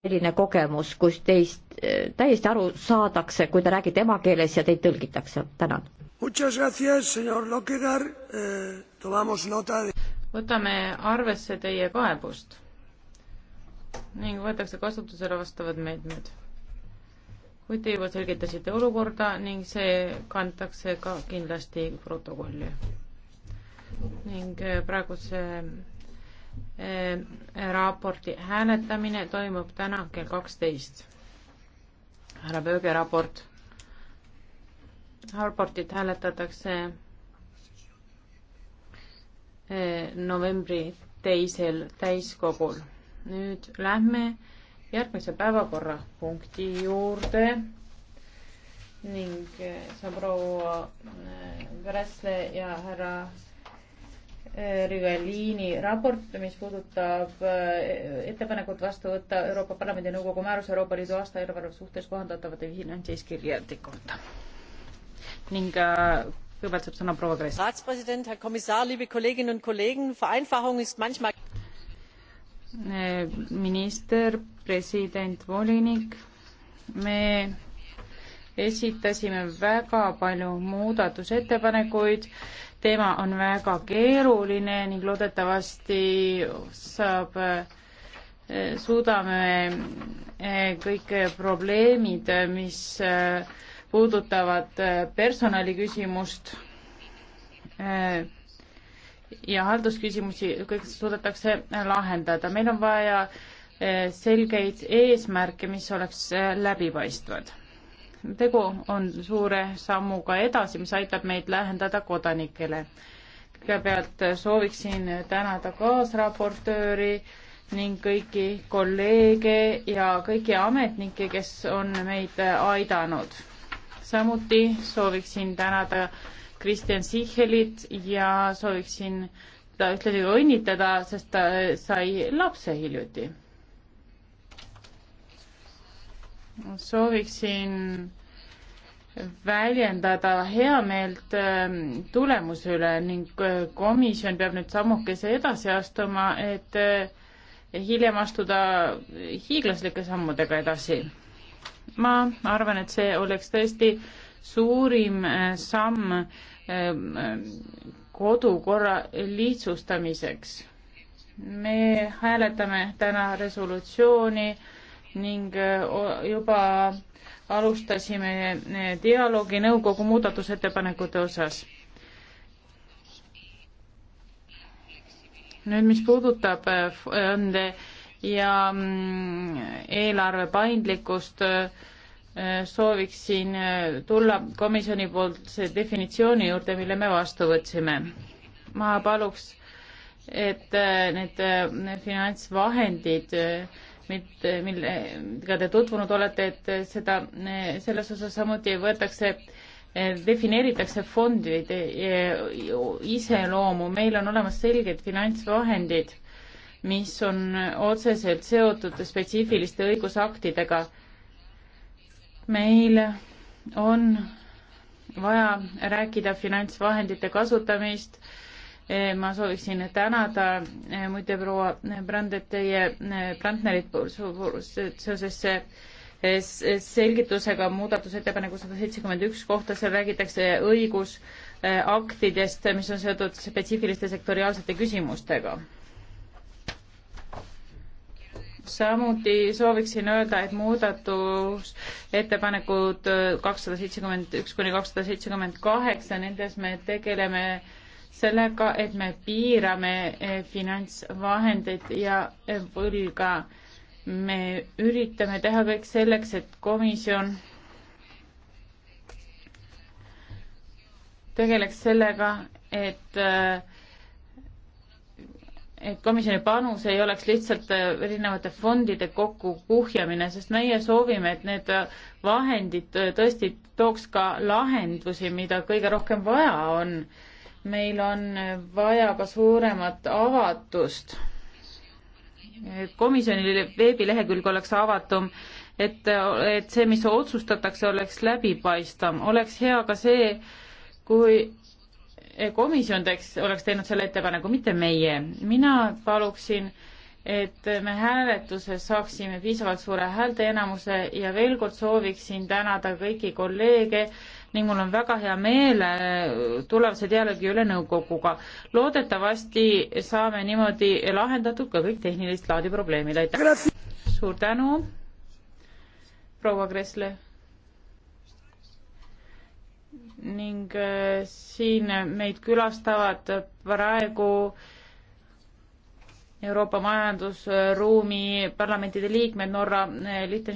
selline kogemus, kus teist täiesti aru saadakse, kui te räägite emakeeles ja teid tõlgitakse. tänan. Eh, võtame arvesse teie kaebust ning võetakse kasutusele vastavad meetmed. kuid te juba selgitasite olukorda ning see kantakse ka kindlasti protokolli. ning eh, praeguse Eh, raporti hääletamine toimub täna kell kaksteist. härra Pööge raport. raportit hääletatakse eh, novembri teisel täiskogul. nüüd lähme järgmise päevakorrapunkti juurde ning eh, see on proua Värsle ja härra Eh, Rivelini raport, mis puudutab eh, ettepanekut vastu võtta Euroopa Parlamendi Nõukogu määrus Euroopa Liidu aastaeelarve suhtes kohandatavate finantseeskirjade kohta. ning eh, kõigepealt saab sõna proua Kress. raatspräsident, härra komissar, liebe kolleegin und kolleegin, vereinfachung ist manchmal minister, president, volinik, me esitasime väga palju muudatusettepanekuid teema on väga keeruline ning loodetavasti saab, eh, suudame eh, kõik probleemid, mis eh, puudutavad personaliküsimust ja haldusküsimusi, kõik suudetakse lahendada. meil on vaja selgeid eesmärke, mis oleks läbipaistvad tegu on suure sammuga edasi, mis aitab meid lähendada kodanikele. kõigepealt sooviksin tänada kaasraportööri ning kõiki kolleege ja kõiki ametnikke, kes on meid aidanud. samuti sooviksin tänada Kristjan Sichelit ja sooviksin ta ühtlasi õnnitleda, sest ta sai lapse hiljuti sooviksin väljendada heameelt ähm, tulemuse üle ning äh, komisjon peab nüüd sammukese edasi astuma, et äh, hiljem astuda hiiglaslike sammudega edasi. ma arvan, et see oleks tõesti suurim äh, samm ähm, kodukorra lihtsustamiseks. me hääletame täna resolutsiooni ning juba alustasime eh, dialoogi nõukogu muudatusettepanekute osas. nüüd, mis puudutab fonde eh, ja mm, eelarve paindlikkust, eh, sooviksin tulla komisjoni poolt see definitsiooni juurde, mille me vastu võtsime. ma paluks, et need finantsvahendid äh, mitte, millega te tutvunud olete, et seda, selles osas samuti võetakse, defineeritakse fondide iseloomu, meil on olemas selged finantsvahendid, mis on otseselt seotud spetsiifiliste õigusaktidega. meil on vaja rääkida finantsvahendite kasutamist äh, Eh, ma sooviksin tänada eh, muide proua Brandet, teie Brandnerit eh, seoses selgitusega muudatusettepaneku sada seitsekümmend üks kohta, seal räägitakse õigusaktidest, mis on seotud spetsiifiliste sektoriaalsete küsimustega. samuti sooviksin öelda, et muudatusettepanekud kakssada seitsekümmend üks kuni kakssada seitsekümmend kaheksa, nendes me tegeleme äh, sellega, et me piirame eh, finantsvahendeid ja eh, võlga. me üritame teha kõik selleks, et komisjon tegeleks sellega, et eh, et komisjoni panus ei oleks lihtsalt erinevate fondide kokkukuhjamine, sest meie soovime, et need vahendid tõesti tooks ka lahendusi, mida kõige rohkem vaja on meil on vaja ka suuremat avatust. komisjoni veebilehekülg oleks avatum, et, et see, mis otsustatakse, oleks läbipaistvam, oleks hea ka see, kui komisjon teeks, oleks teinud selle ettepaneku, mitte meie. mina paluksin, et me hääletuses saaksime piisavalt suure häälteenamuse ja veel kord sooviksin tänada kõiki kolleege, ning mul on väga hea meel äh, tulevase dialoogi üle nõukoguga. loodetavasti saame niimoodi lahendatud ka kõik tehnilist laadi probleemid, aitäh! suur tänu, proua Kressle! ning äh, siin meid külastavad praegu Euroopa Majandusruumi parlamentide liikmed Norra, äh, Liechtenstein